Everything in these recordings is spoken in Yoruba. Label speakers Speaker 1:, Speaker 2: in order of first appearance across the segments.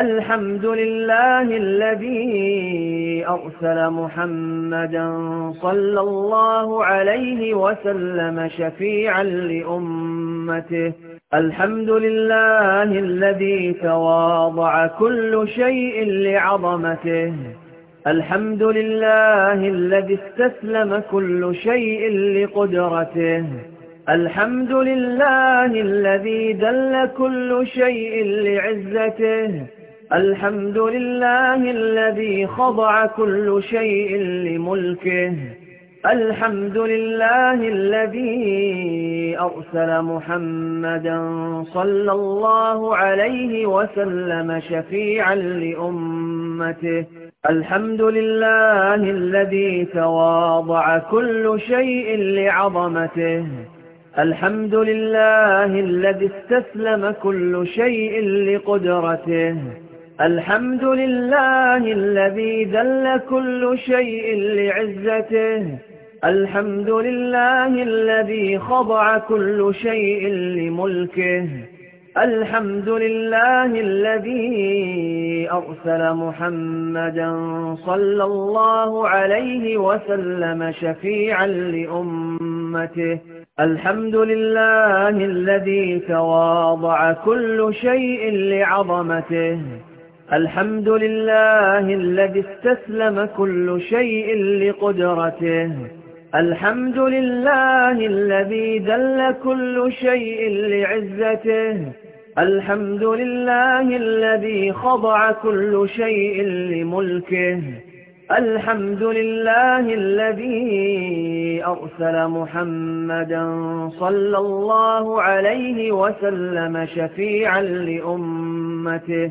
Speaker 1: الحمد لله الذي أرسل محمدا صلى الله عليه وسلم شفيعا لأمته الحمد لله الذي تواضع كل شيء لعظمته الحمد لله الذي استسلم كل شيء لقدرته الحمد لله الذي دل كل شيء لعزته الحمد لله الذي خضع كل شيء لملكه الحمد لله الذي أرسل محمدا صلى الله عليه وسلم شفيعا لأمته الحمد لله الذي تواضع كل شيء لعظمته الحمد لله الذي استسلم كل شيء لقدرته الحمد لله الذي ذل كل شيء لعزته الحمد لله الذي خضع كل شيء لملكه الحمد لله الذي أرسل محمدا صلى الله عليه وسلم شفيعا لأمته الحمد لله الذي تواضع كل شيء لعظمته الحمد لله الذي استسلم كل شيء لقدرته الحمد لله الذي دل كل شيء لعزته الحمد لله الذي خضع كل شيء لملكه الحمد لله الذي أرسل محمدا صلى الله عليه وسلم شفيعا لأمته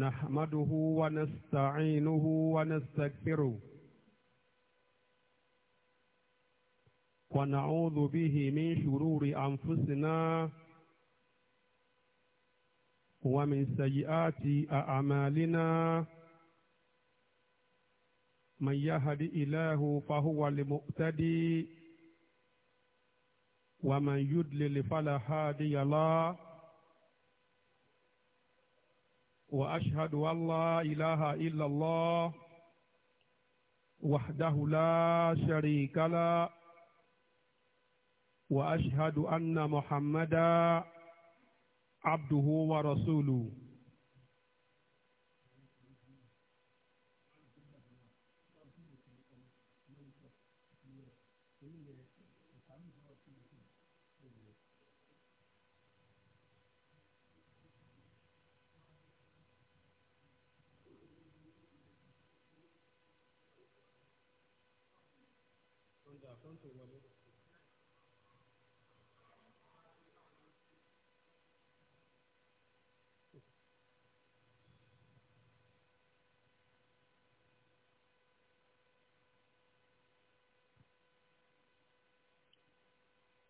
Speaker 2: نحمده ونستعينه ونستغفره ونعوذ به من شرور أنفسنا ومن سيئات أعمالنا من يهد إله فهو المؤتدي ومن يدلل فلا هادي له واشهد ان لا اله الا الله وحده لا شريك له واشهد ان محمدا عبده ورسوله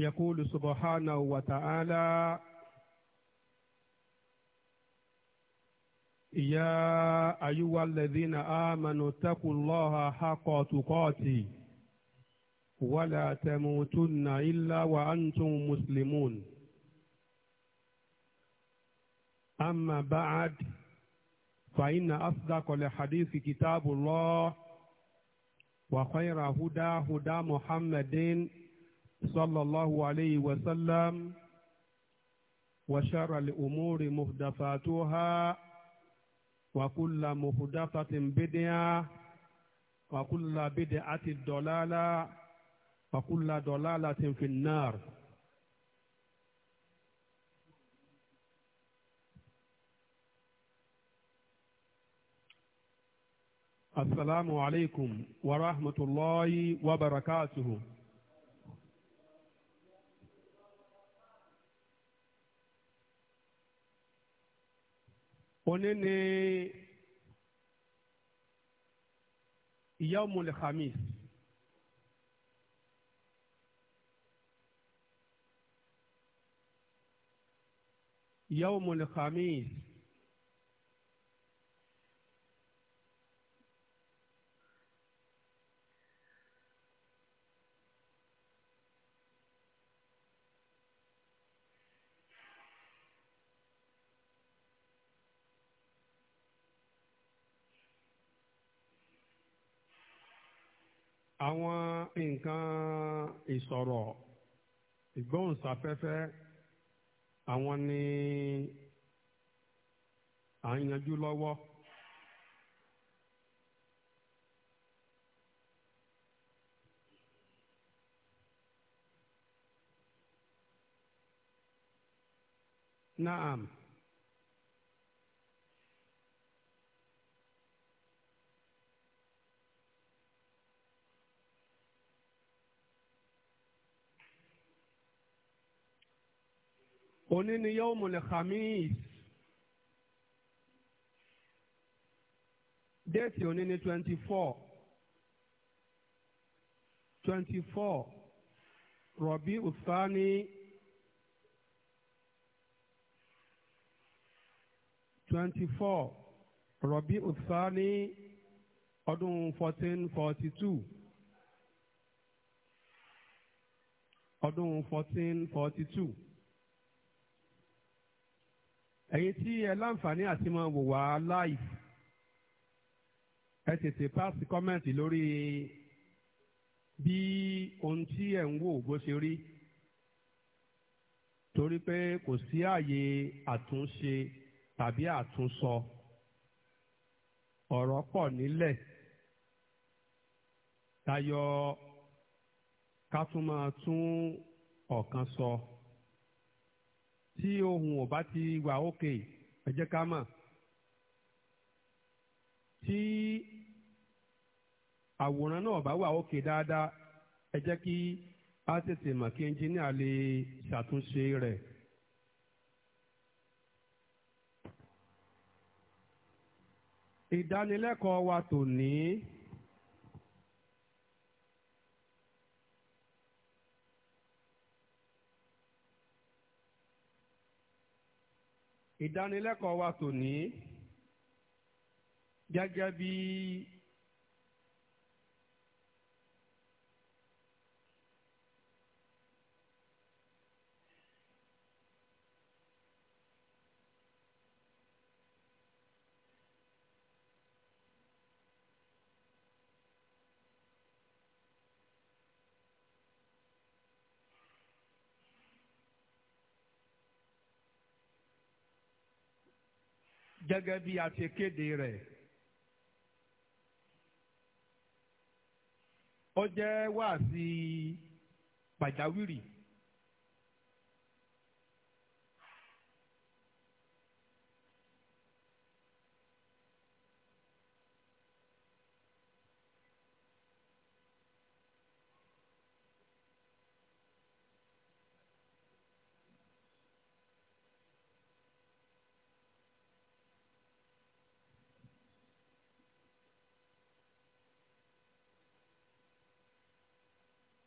Speaker 2: يقول سبحانه وتعالى يا أيها الذين آمنوا اتقوا الله حق تقاته ولا تموتن إلا وأنتم مسلمون أما بعد فإن أصدق الحديث كتاب الله وخير هدى هدى محمد صلى الله عليه وسلم وشر الأمور مهدفاتها، وكل محدثة بدعة وكل بدعة ضلالة فكل ضلالة في النار السلام عليكم ورحمة الله وبركاته ونني يوم الخميس يوم الخميس، àwọn nǹkan ìsọ̀rọ̀ ìgbóhùnsáfẹ́fẹ́ àwọn ni à ń yanjú lọ́wọ́. Naam. òní ni yawmul khamis déètì òní ni twenty four twenty four rọ̀bí ùsánì twenty four rọ̀bí ùsánì ọdún fourteen forty two ọdún fourteen forty two ẹ̀yin tí ẹ láǹfààní àti máa wò wá live ẹ tètè pass comment lórí bí ohun tí ẹ̀ ń wò bó ṣe rí torí pé kò sí ààyè àtúnṣe tàbí àtúnsọ ọ̀rọ̀ pọ̀ nílẹ̀ tayọ ká tún máa tún ọ̀kan sọ. So. tí ohun ọba ti wà ókè ẹ jẹ́ ká mọ̀ tí àwòrán náà bá wà ókè dáadáa ẹ kí a tètè mọ̀ kí ẹnjìníà lè ṣàtúnṣe rẹ̀. ìdánilẹ́kọ̀ọ́ wa ní ìdánilẹ́kọ̀ọ́ wa tòní gẹ́gẹ́ bí gẹ́gẹ́ bí a ti kéde rẹ̀. ó jẹ́ wáàsí pàjáwìrì.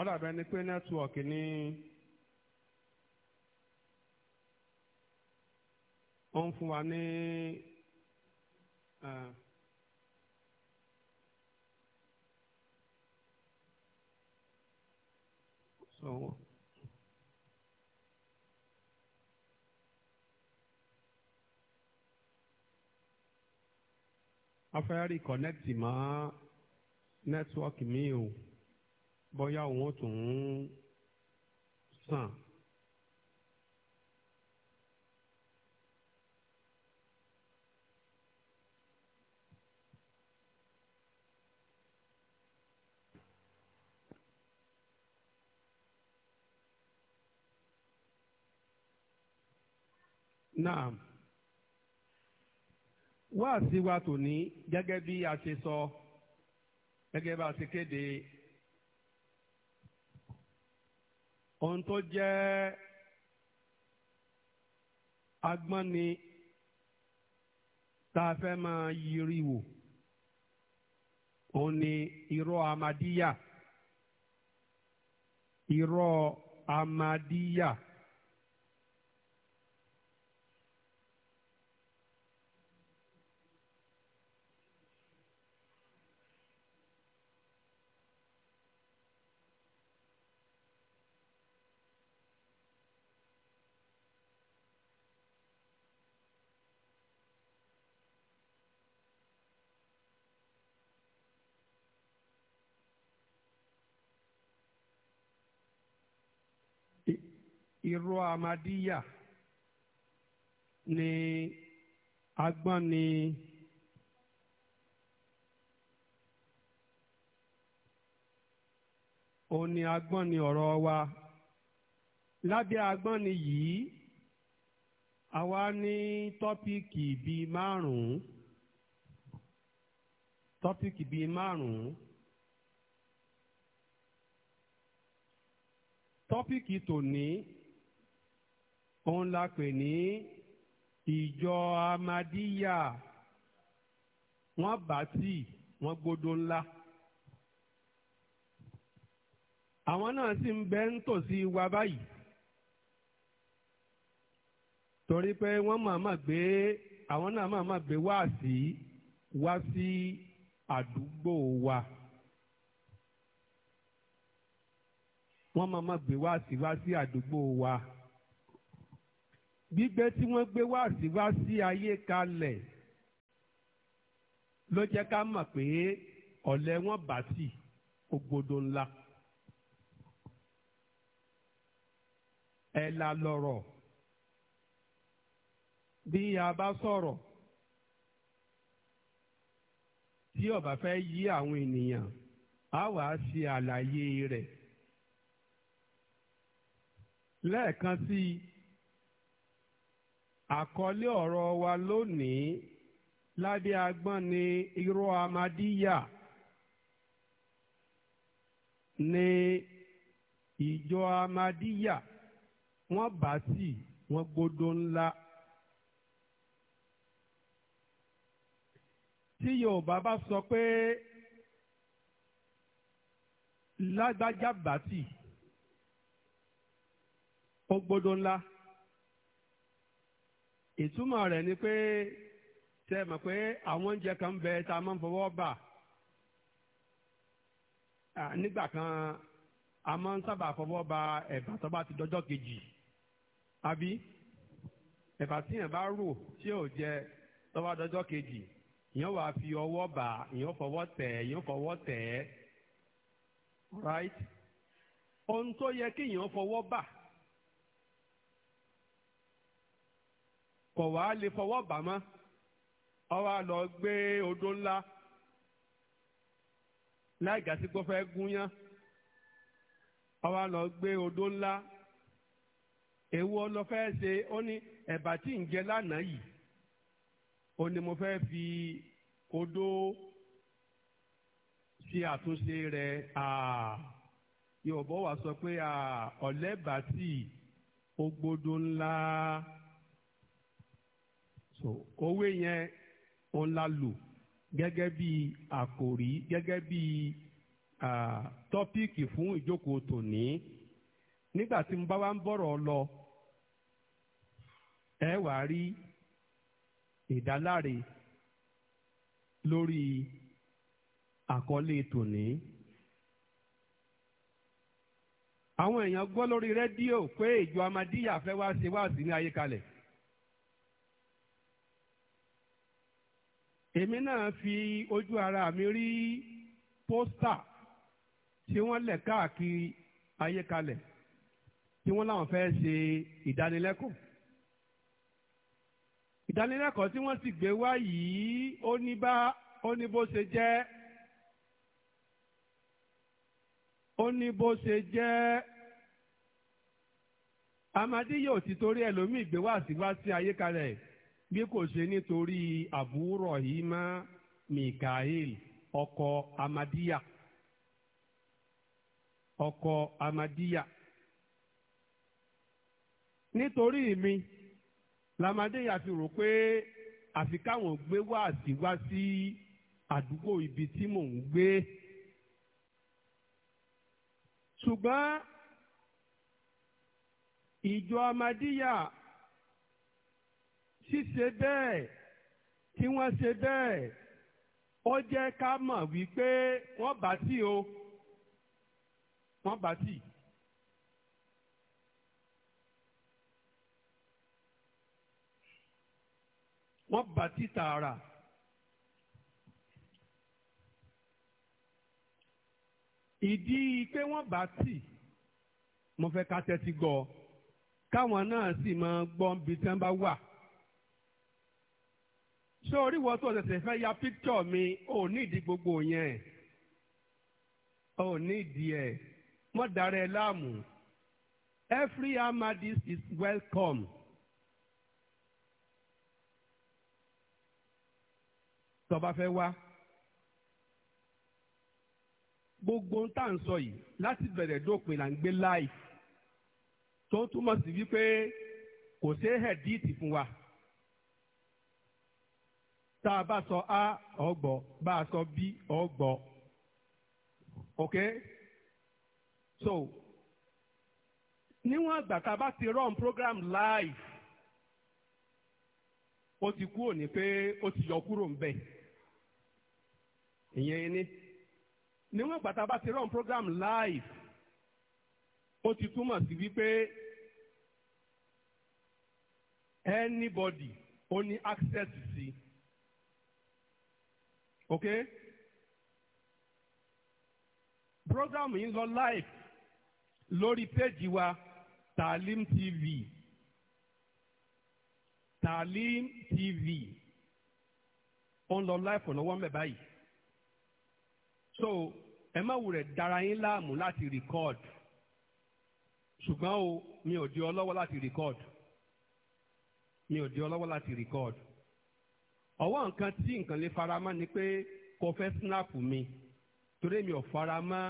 Speaker 2: ọ̀dàbẹ̀ ni pé nẹ́tíwọ̀kì ní ó ń fún wa ní sọ̀wọ́n. afẹ́rí kọ̀nẹ́tì mọ́ nẹ́tíwọ́kì mi o bóyá òun tún ń sàn. Naam. Wáàsí wa tòní gẹ́gẹ́ bí a ṣe sọ gẹ́gẹ́ bá a ṣe kéde ohun tó jẹ́ agbọ́nni tá a fẹ́ máa yiri wò òun ni irọ́ amadíyà irọ́ amadíyà. Iro amadíyà ni agbọ́n ni òun ni agbọ́n ni ọ̀rọ̀ wa lábẹ́ agbọ́n ni yìí àwa ní tọ́píìkì bíi márùn-ún tọ́píìkì bíi márùn-ún òun la pè ní ìjọ amadíyà wọ́n bá tì wọ́n gbódó ńlá àwọn náà sì ń bẹ nítòsí wa báyìí torí pé wọ́n màmá gbé àwọn náà màmá gbé wáàsí wá sí àdúgbò wa wọ́n màmá gbé wáàsí wá sí àdúgbò wa. Si, gbígbé tí wọ́n gbé wá sí wá sí ayé kalẹ̀ ló jẹ́ ká mọ̀ pé ọ̀lẹ wọn bá sí ògbódò ńlá. ẹ̀là lọ̀rọ̀ bí a bá sọ̀rọ̀ tí ó bá fẹ́ yí àwọn ènìyàn á wà á ṣe àlàyé rẹ̀ lẹ́ẹ̀kan sí i àkọlé ọ̀rọ̀ wa lónìí lábẹ́ agbọ́n ni irọ́ amadíyà ni ìjọ amadíyà wọ́n bá sí wọ́n gbódó ńlá. tí yorùbá bá sọ pé lágbájá bàtì ó gbódó ńlá. ìtumọ̀ rẹ̀ ni pé tẹ́ mọ̀ pé àwọn oúnjẹ kan bẹ tá a máa ń fọwọ́ bà nígbà kan a máa ń sábà fọwọ́ ẹ̀bà tó bá ti dọ́jọ́ kejì àbí ẹ̀bà tíyàn bá rò tí ò jẹ tó bá dọ́jọ́ kejì ìyẹn fi ọwọ́ bà ìyẹn fọwọ́ tẹ̀ ìyẹn fọwọ́ tẹ̀ right ohun tó yẹ kí ìyẹn fọwọ́ bà kọ̀ wá lè fọwọ́ bà mọ́ ó wá lọ gbé odó ńlá láì gàsí kó fẹ́ gúnyán ó wá lọ gbé odó ńlá èwo ló fẹ́ ṣe ó ní ẹ̀bà tí ń jẹ lánàá yìí ó ní mo fẹ́ fi odó ṣe àtúnṣe rẹ̀ yóò bọ́ wá sọ pé ọ̀lẹ́bàá tí ògbódó ńlá so òwe yẹn òun la lò gẹ́gẹ́ bí àkòrí gẹ́gẹ́ bí tọ́píìkì fún ìjókòó tòní nígbà tí mo bá wá ń bọ̀rọ̀ lọ ẹ wà rí ìdáláre lórí àkọlé tòní. àwọn èèyàn gbọ́ lórí rédíò pé ìjọ amadíyà fẹ́ wá ṣe wáàsí ní ayé kalẹ̀. èmi náà fi ojú ara mi rí pósítà tí wọ́n lẹ̀ káàkiri ayé kalẹ̀ tí wọ́n láwọn fẹ́ ṣe ìdánilẹ́kọ̀ọ́ ìdánilẹ́kọ̀ọ́ tí wọ́n sì gbé wá yìí ó ní bá ó ní bó ṣe jẹ́ ó ní bó ṣe jẹ́ amadi yóò ti torí ẹlòmíì gbé wá sí sí ayé kalẹ̀ yìí bí kò ṣe nítorí Abu Rahima Mikael ọkọ Amadiya ọkọ Amadiya nítorí mi làmàdéyà fi rò pé àfi káwọn gbé wáàsí wá sí àdúgbò ibi tí mò ń gbé ṣùgbọ́n ìjọ Amadiya ṣíṣe bẹ́ẹ̀ kí wọ́n ṣe bẹ́ẹ̀ ó jẹ́ ká mọ̀ wípé wọ́n bá tì o wọ́n bá tì. wọ́n bá tì tààrà. ìdí pé wọ́n bá tì mo fẹ́ ká tẹ́tí gbọ́ káwọn náà sì máa gbọ́ bí tí wọ́n bá wà ṣé orí wọ́n tó ṣẹ̀ṣẹ̀ fẹ́ ya píkítọ̀ mi ò nídìí gbogbo yẹn ò nídìí ẹ̀ wọ́n dára ẹ láàmú every amadis is welcome. tó bá fẹ́ wá gbogbo ń tà ń sọ yìí láti bẹ̀rẹ̀ dópin là ń gbé láì tó túmọ̀ sí wípé kò ṣeé hẹ̀ díìtì fún wa tá a bá sọ a ọgbọ́ bá a sọ b ọgbọ́ ok so níwọ̀n àgbà tá a bá ti run program live ó ti kúrò ní pé ó ti yọ kúrò ńbẹ̀ ìyẹn ni níwọ̀n àgbà tá a bá ti run program live ó ti túmọ̀ sí wípé anybody ó ní access sí. Si Okay. program yìí ń lọ live lórí péjì wa Talim TV Talim TV ó ń lọ live lọ́wọ́ mẹ́ báyìí so ẹ má wulẹ̀ dára yín láàmú láti record ṣùgbọ́n o mi ò di ọlọ́wọ́ láti record mi ò di ọlọ́wọ́ láti record ọwọ́ nǹkan tí nǹkan lè faramọ́ ni pé kò fẹ́ snap mi torí mi ò faramọ́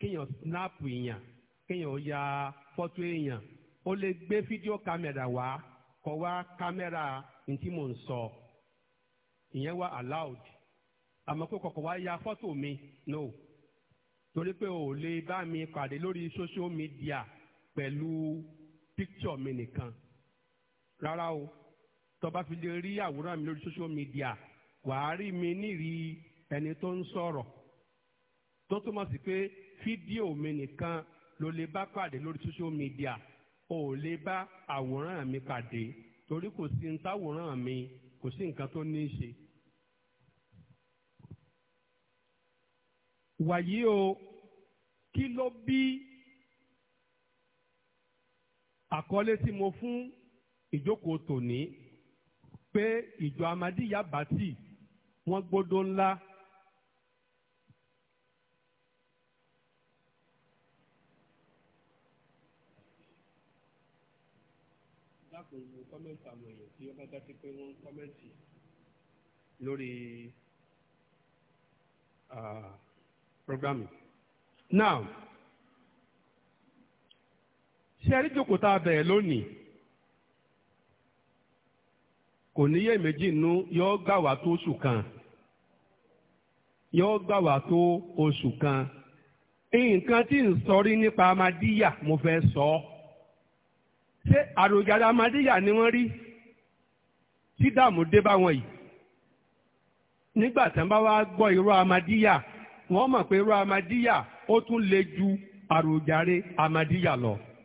Speaker 2: kéèyàn snap èèyàn kéèyàn ya fọ́tò èèyàn ó lè gbé fídíò kámẹ́rà wá kó wá kámẹ́rà ntí mò ń sọ ìyẹn wá allowed àmọ́ pé kọ̀kọ̀ wá ya fọ́tò mi no torí pé ò lè bá mi pàdé lórí social media pẹ̀lú picture mi nìkan rárá o tó bá fi lè rí àwòrán mi lórí social media wàá rí mi nírìí ẹni tó ń sọ̀rọ̀ tó túmọ̀ sí pé fídíò mi nìkan ló lè bá pàdé lórí social media ò lè bá àwòrán mi pàdé torí kò sí ntáwòrán mi kò sí nǹkan tó ní í ṣe. wàyí o kí ló bí àkọlé tí mo fún ìjókòó tòní pé ìjọ amadiya bàtì wọ́n gbódó ńlá dákun mo kọ́mẹ́ǹtì àwọn èèyàn tí wọ́n bá dá sí pé wọ́n ń kọ́mẹ́ǹtì lórí programming. now ṣe àríjòkòtà bẹ̀rẹ̀ lónìí. kò níyè méjì nú yọ gbà wá tó oṣù kan yóò gbà wá tó oṣù kan nǹkan tí ń sọrí nípa amadíyà mo fẹ sọ ọ́ ṣé àròjàre amadíyà ni wọ́n rí tí dààmú dé bá wọn yìí nígbà tí wọ́n bá wá gbọ́ irú amadíyà wọ́n mọ̀ pé irú amadíyà ó tún le ju àròjàre amadíyà lọ.